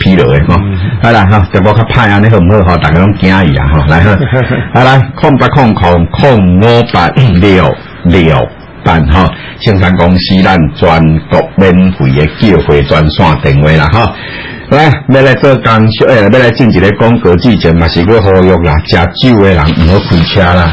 疲勞的吼，哦嗯、來啦哈，就無卡怕呀，你好毋好哈，大家攏驚伊啊哈， 來哈，來來，空八空空空五百六六百哈，生、哦、產公司咱全國免費嘅機會專線定位啦哈，來，要來做工、哎，要來進一個工作之前嘛，是個好用啦，食酒嘅人毋好開車啦。